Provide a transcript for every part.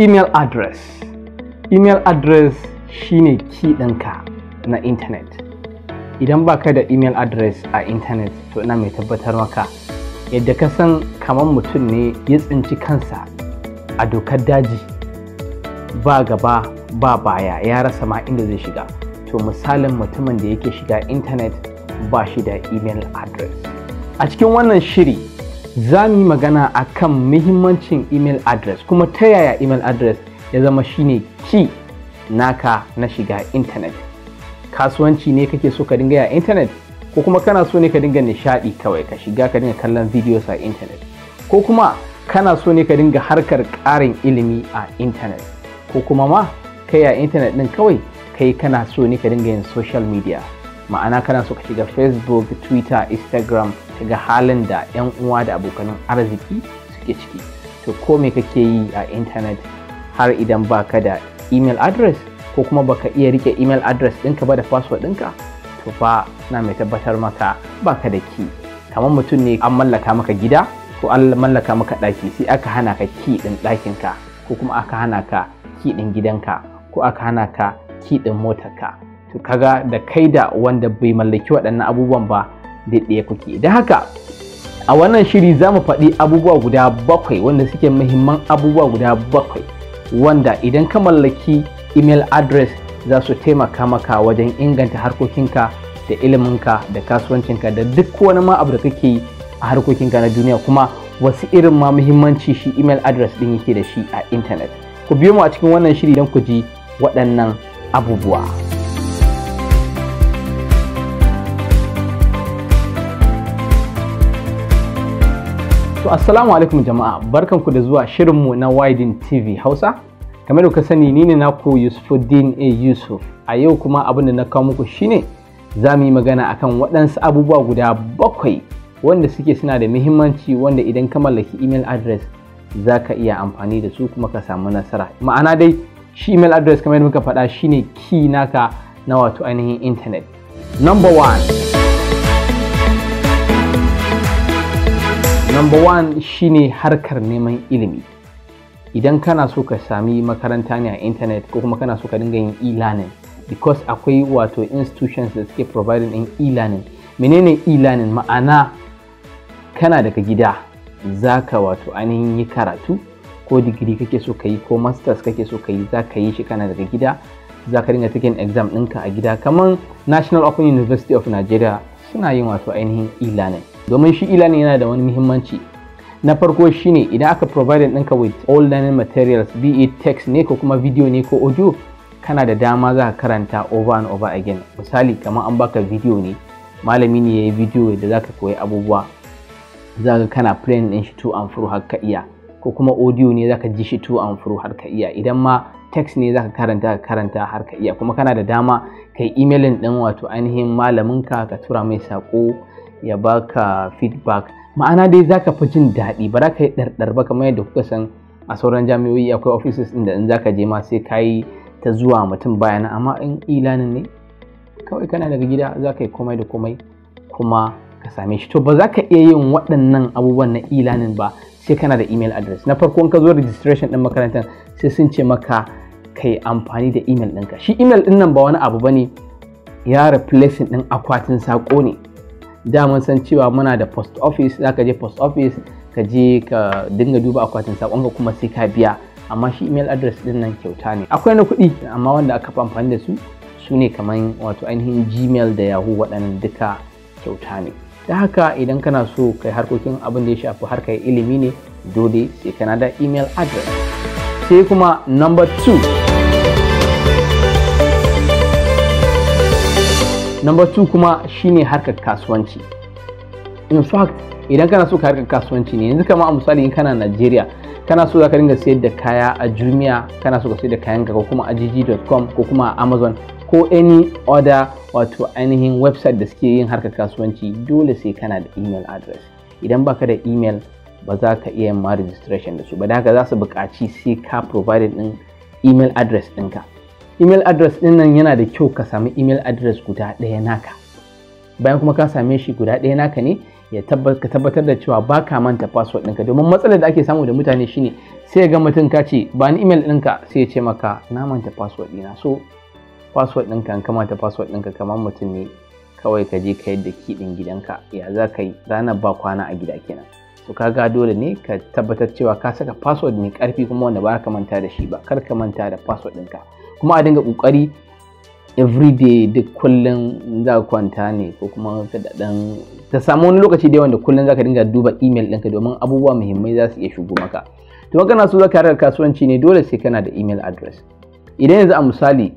email address email address shine key ɗinka na intanet idan ba ka da email address a intanet to ina mai tabbatar maka yadda ka san kamar mutum ne ya tsinci kansa a dokar daji ba gaba ba baya ya rasa ma inda zai shiga to misalin mutumin da yake shiga intanet ba shi da email address a cikin wannan shiri za mu yi magana a kan muhimmancin email address kuma ta yaya email address ya zama shine ki naka na shiga intanet kasuwanci ne kake so ka dinga ya intanet ko kuma kana so ne ka dinga nishadi kawai ka shiga ka dinga kallon videos a intanet ko kuma kana so ne ka dinga harkar karin ilimi a intanet ko kuma ma kai a intanet din kawai kai kana so ne ka dinga yin social media ma'ana kana so ka shiga facebook twitter instagram ga halin da 'yan uwa da abokanan arziki suke ciki to ko me kake yi a intanet har idan baka da email address ko kuma baka iya rike email address ɗinka ba da password ɗinka to fa na mai tabbatar maka baka da ki kamar mutum ne an mallaka maka gida ko an mallaka maka ɗaki sai aka hana ka ki ɗin ɗakinka ko kuma aka hana ka ki ɗin gidanka ko aka hana ka ki ɗin motarka to kaga da kai da wanda bai mallaki waɗannan abubuwan ba ɗaya kuke da haka a wannan shiri za mu faɗi abubuwa guda bakwai wanda suke muhimman abubuwa guda bakwai wanda idan ka mallaki email address za su taimaka maka wajen inganta harkokinka da iliminka da kasuwancinka da duk wani ma abu da kake yi a harkokinka na duniya kuma wasu irin ma muhimmanci shi email address din yake da shi a intanet ku biyo mu a cikin wannan shiri don ku ji waɗannan abubuwa. To assalamu alaikum jama'a barkanku da zuwa shirin mu na Widen TV Hausa. Kamar da ka sani ni ne naku Yusufuddin A Yusuf. A yau kuma abin da na kawo muku shine za mu yi magana akan waɗansu abubuwa guda bakwai wanda suke suna da muhimmanci wanda idan ka mallaki email address za ka iya amfani da su kuma ka samu nasara. Ma'ana dai shi email address kamar yadda muka faɗa shine key naka na wato ainihin intanet. Number one. Number one shine harkar neman ilimi. Idan kana so ka sami makaranta ne a intanet ko kuma kana so ka dinga yin e-learning because akwai wato institutions da suke providing in e-learning. Menene e-learning ma'ana kana daga gida za ka wato ainihin yi karatu ko digiri kake so ka yi ko masters kake so ka yi za ka yi shi kana daga gida za ka dinga taken exam ɗinka a gida kamar National Open University of Nigeria suna yin wato ainihin e-learning. domin shi ila ne yana da wani muhimmanci na farko shine idan aka provide ɗinka with all learning materials be it text ne ko kuma video ne ko audio kana da dama za ka karanta over and over again misali kamar an baka video ne malami ne ya yi video da za ka koyi abubuwa za ka kana playing ɗin shi to and fro har ka iya ko kuma audio ne za ka ji shi to and fro har ka iya idan ma text ne za ka karanta ka karanta har ka iya kuma kana da dama kai emailing ɗin wato ainihin malamin ka ka tura mai sako ya baka feedback ma'ana dai zaka fi jin daɗi ba za ka yi ɗarɗar ba kamar yadda kuka san a sauran jami'o'i akwai offices ɗin da in zaka je ma sai ka yi ta zuwa mutum bayana amma in ilanin ne kawai kana daga gida za ka yi komai da komai kuma ka same shi to ba za ka iya yin waɗannan abubuwan na ilanin ba sai kana da email address na farko ka zo registration ɗin makarantar sai sun ce maka ka yi amfani da email ɗinka shi email ɗin nan ba wani abu ba ne ya replacing ɗin akwatin sako ne da mun san cewa muna da post office zaka je post office ka je ka dinga duba akwatin ka kuma sai ka biya amma shi email address din nan kyauta ne akwai na kuɗi amma wanda aka fi amfani da su sune ne kamar wato ainihin gmail da yahoo waɗannan duka kyauta ne ta haka idan kana so kai harkokin abin da ya shafi harkar ilimi ne dole sai kana da email address sai kuma number two number two kuma shine harkar kasuwanci in fact idan kana so ka harkar kasuwanci ne yanzu kama a misali in kana Najeriya kana so za ka dinga sayar da kaya a Jumia kana so ka sayar da kayan ka ko kuma a jiji.com ko kuma a Amazon ko any other wato ainihin website da suke yin harkar kasuwanci dole sai kana da email address idan baka da email ba za ka iya yin ma registration da su ba da haka za su buƙaci sai ka provided din email address ɗinka. email address ɗin nan yana da kyau ka samu email address guda ɗaya naka bayan kuma ka same shi guda ɗaya naka ne ya ka tabbatar da cewa ba ka manta password ɗinka domin matsalar da ake samu da mutane shine sai ga mutum ka ce ba ni email ɗinka sai ya ce maka na manta password ɗina so password ɗinka an kamata password ɗinka kamar mutum ne kawai ka je ka yadda kiɗin gidanka ya za ka yi ranar ba kwana a gida kenan to ga dole ne ka tabbatar cewa ka saka password mai karfi kuma wanda ba ka manta da shi ba kar ka manta da password ɗinka kuma a dinga kokari everyday duk kullum za ka kwanta ne ko kuma ka dan ta samu wani lokaci da wanda kullum za ka dinga duba email ɗinka domin abubuwa muhimmai za su iya shigo maka to magana su za ka harkar kasuwanci ne dole sai kana da email address idan yanzu a misali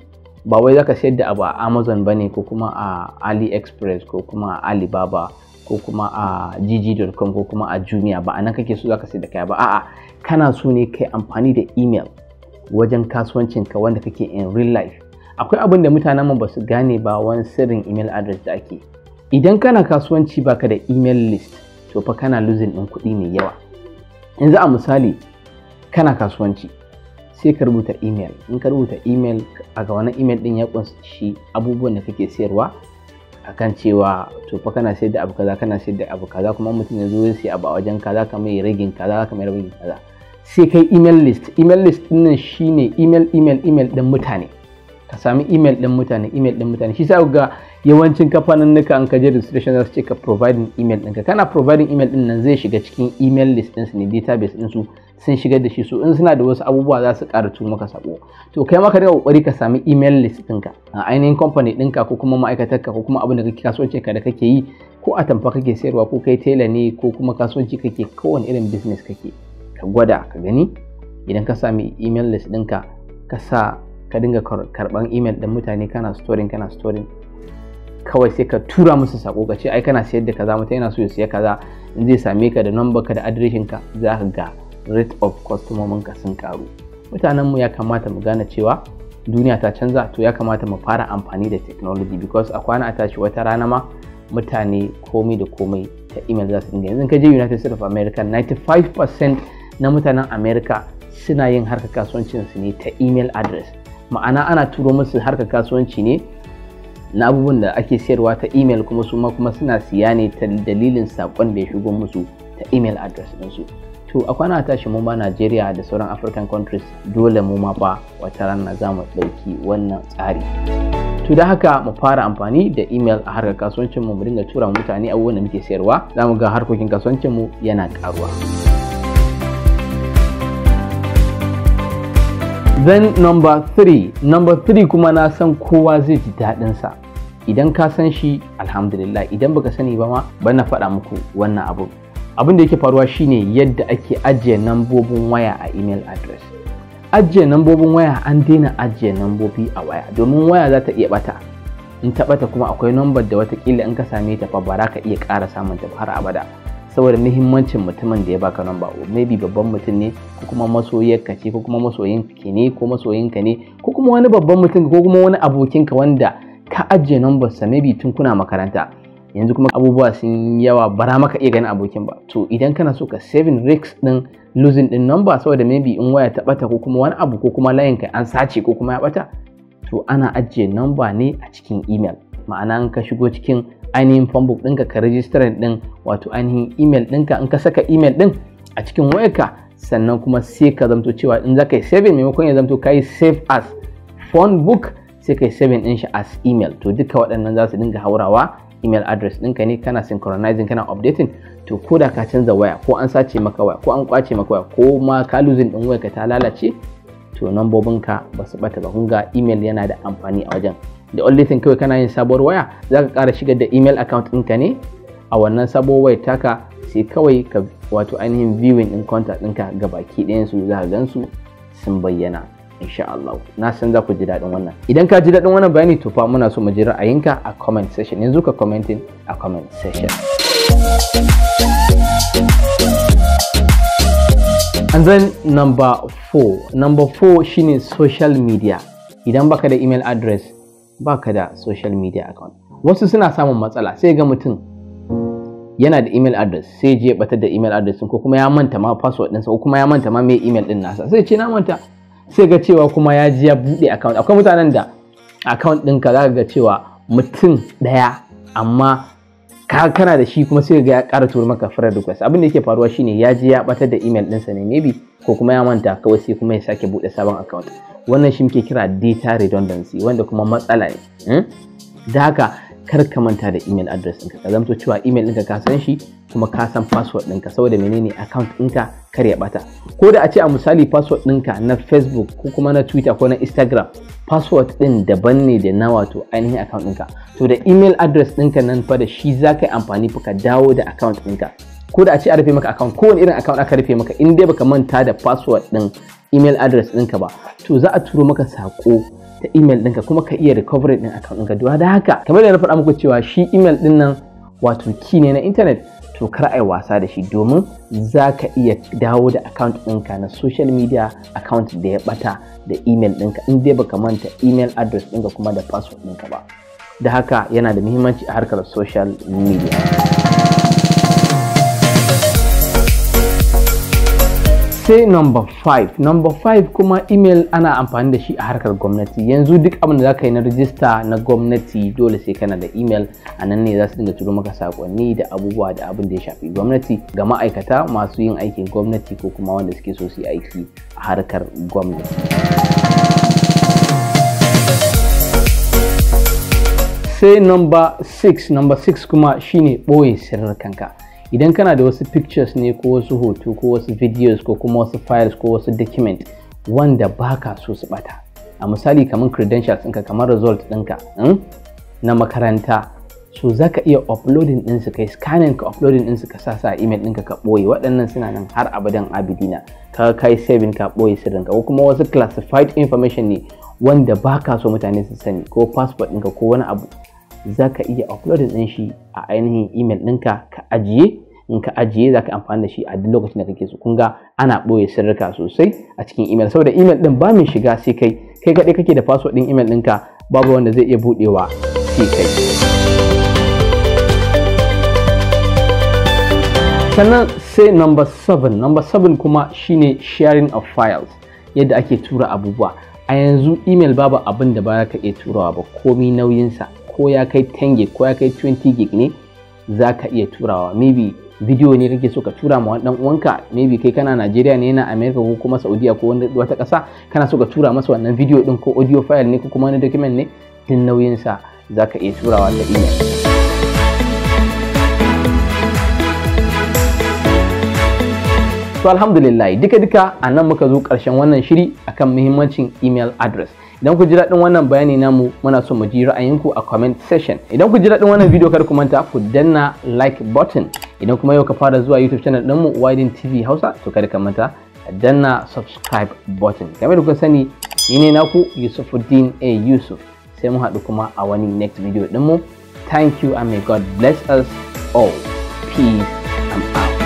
ba wai za ka sayar da abu a amazon ba ne ko kuma a aliexpress ko kuma a alibaba ko kuma a gg.com ko kuma a jumia ba a kake so zaka ka sayar da kai ba a'a kana so ne kai amfani da email wajen kasuwancinka wanda kake in real life akwai abin da mutanen mu ba su gane ba wani sirrin email address da ake idan kana kasuwanci baka da email list to fa kana losing din kuɗi mai yawa yanzu a misali kana kasuwanci sai ka rubuta email in ka rubuta email a ga wani email din ya kunshi abubuwan da kake sayarwa akan cewa to fa kana sayar da abu kaza kana sayar da abu kaza kuma mutum ya zo ya sai abu a wajen kaza ka mai ragin kaza ka mai ragin kaza sai kai email list email list nan shine email email email din mutane ka sami email din mutane email din mutane shi sa ga yawancin kafanin nuka an ka je registration za su ce ka providing email ɗinka kana providing email din nan zai shiga cikin email list ɗinsu ne database ɗinsu sun shigar da shi su in suna da wasu abubuwa za su ƙara maka sako to kai maka da kokari ka sami email list ɗinka a ainihin company ɗinka ko kuma ka ko kuma abin da kake kasuwanci ka da kake yi ko a tamfa kake sayarwa ko kai tela ne ko kuma kasuwanci kake kowane irin business kake ka gwada ka gani idan ka sami email list ɗinka ka sa ka dinga karban email ɗin mutane kana storing kana storing kawai sai ka tura musu sako ka ce ai kana sayar da kaza mutane yana so ya siya kaza in zai same ka da number ka da adireshin ka za ka ga rate of customer ka sun karu mutanen mu ya kamata mu gane cewa duniya ta canza to ya kamata mu fara amfani da technology because a kwana a tashi wata rana ma mutane komai da komai ta email za su dinga yanzu ka je United States of America 95% na mutanen Amerika suna yin harkar kasuwancinsu ne ta email address ma'ana ana turo musu harkar kasuwanci ne na abubuwan da ake sayarwa ta email kuma su ma kuma suna siya ne ta dalilin saƙon da ya shigo musu ta email address ɗinsu to a kwana tashi mu ma Najeriya da sauran African countries dole mu ma fa wata rana za mu ɗauki wannan tsari to da haka mu fara amfani da email a harkar kasuwancin mu mu dinga tura mutane abubuwan da muke sayarwa za mu ga harkokin kasuwancin mu yana ƙaruwa. then number three number three kuma na san kowa zai ji daɗin sa idan ka san shi alhamdulillah idan baka sani ba ma ban na faɗa muku wannan abu abin da yake faruwa shine yadda ake ajiye nambobin waya a email address ajiye nambobin waya an daina ajiye nambobi a waya domin waya za ta iya bata in ta bata kuma akwai nambar da watakila in ka same ta fa ba za ka iya ƙara samun ta har abada saboda muhimmancin mutumin da ya baka namba maybe babban mutum ne ko kuma masoyarka ce ko kuma masoyin ki ne ko masoyinka ne ko kuma wani babban mutum ko kuma wani abokinka wanda ka ajiye number sa maybe tun kuna makaranta yanzu kuma abubuwa sun yawa bara maka iya ganin abokin ba to idan kana so ka saving risks din losing din number saboda maybe in waya ta bata ko kuma wani abu ko kuma layin ka an sace ko kuma ya bata to ana ajiye number ne a cikin email ma'ana in ka shigo cikin ainihin fanbuk ɗinka ka rijistiran ɗin wato ainihin email ɗinka in ka saka email ɗin a cikin wayarka sannan kuma sai ka zamto cewa in za ka yi saving maimakon ya zamto ka yi save as phonebook sai ka yi saving ɗin shi as email to duka waɗannan za su dinga haurawa email adres ɗinka ne kana synchronizing kana updating to ko da ka canza waya ko an sace maka waya ko an kwace maka waya ko ma ka losing ɗin wayarka ta lalace to nambobinka ba su ɓata ba kun ga email yana da amfani a wajen Da only thing kawai kana yin sabuwar waya za ka ƙara shigar da email account ɗinka ne a wannan sabuwar wayar taka sai kawai ka wato ainihin viewing in contact ɗinka ga baki ɗayan su za ka gan su sun bayyana insha Allah na san za ku ji daɗin wannan idan ka ji daɗin wannan bayani to fa muna so mu ji ra'ayinka a comment section yanzu ka commenting a comment section and then number four number four shine social media idan baka da email address baka da social media account wasu suna samun matsala sai ga mutum yana da email address sai je batar da email address ko kuma ya manta ma password ɗinsa ko kuma ya manta ma mai email ɗin nasa sai ce na manta sai ga cewa kuma ya ji ya buɗe account akwai mutanen da account ɗinka za ga cewa mutum ɗaya amma ka kana da shi kuma sai ga ya ƙara tura maka friend request abin da yake faruwa shine ya je ya batar da email ɗinsa ne maybe ko kuma ya manta kawai sai kuma ya sake buɗe sabon account wannan shi muke kira data redundancy wanda kuma matsala ne hmm? da haka kar ka manta da email address ɗinka ka zamto cewa email ɗinka ka san shi kuma ka san password ɗinka saboda menene account ɗinka kar ya bata ko da a ce a misali password ɗinka na facebook ko kuma na twitter ko na instagram password ɗin daban ne da na wato ainihin account ɗinka to da email address ɗinka nan fa da shi za ka yi amfani ka dawo da account ɗinka ko da a ce a rufe maka account kowane irin account aka rufe maka in dai baka manta da password ɗin email address ɗinka ba to za a turo maka saƙo ta email ɗinka kuma ka iya recovery ɗin account ɗinka duwa da haka kamar da na faɗa muku cewa shi email ɗin nan wato ki ne na intanet to kar ai wasa da shi domin za ka iya dawo da account ɗinka na social media account da ya ɓata da email ɗinka in dai baka manta email address ɗinka kuma da password ɗinka ba da haka yana da muhimmanci a harkar social media sai number 5 number 5 kuma email ana amfani da shi a harkar gwamnati yanzu duk abin da za ka yi na rijista na gwamnati dole sai kana da email a nan ne za su dinga turo maka sakonni da abubuwa da abin da ya shafi gwamnati ga ma'aikata masu yin aikin gwamnati ko kuma wanda suke so su yi aiki a harkar gwamnati sai number 6 number 6 kuma shine ɓoye sirrikanka idan kana da wasu pictures ne ko wasu hoto ko wasu videos ko kuma wasu files ko wasu document wanda baka so su bata a misali kamar credentials ɗinka kamar result ɗinka hmm, na makaranta so za ka iya uploading su kai scanning ka uploading su ka sa sa email ɗinka ka ɓoye waɗannan suna nan har abadan abidina ka kai saving ka ɓoye sirrinka ko kuma wasu classified information ne wanda baka so mutane su sani ko passport ɗinka ko wani abu za ka iya uploading ɗin shi a ainihin email ɗinka ka ajiye in ka ajiye za ka amfani da shi a duk lokacin da kake so kun ga ana ɓoye sirrika sosai a cikin email saboda email ɗin ba mai shiga sai kai kai kaɗai kake da password ɗin email ɗinka babu wanda zai iya buɗewa sai kai sannan sai number 7 number 7 kuma shine sharing of files yadda ake tura abubuwa a yanzu email babu abin da ba ka iya turawa ba komi nauyinsa ko ya kai 10 gig ko ya kai 20 gig ne za ka iya turawa maybe video ne kake so ka tura ma wani uwanka maybe kai kana Najeriya ne na America ko kuma Saudiya ko wata ƙasa kana so ka tura masa wannan video din ko audio file ne ko kuma wani document ne din nauyin sa za ka iya turawa ta email So alhamdulillah duka duka a nan muka zo ƙarshen wannan shiri akan muhimmancin email address idan ku ji daɗin wannan bayani namu muna so mu ji ra'ayinku a comment section idan ku ji daɗin wannan video kar ku manta ku danna like button idan kuma yau ka fara zuwa youtube channel ɗinmu widen tv hausa to kada ka manta danna subscribe button Kamar da kuka sani ni ne naku yusufuddin a yusuf sai mu haɗu kuma a wani next video ɗinmu thank you and may god bless us all peace and out